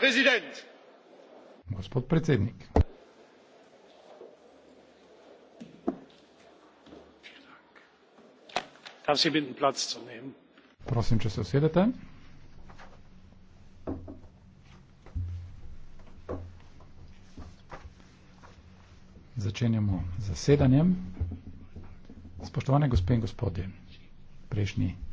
präsident! gospod predsednik prosim če se usedete začenjamo z zasedanjem spoštovane gospe in gospodje prejšnji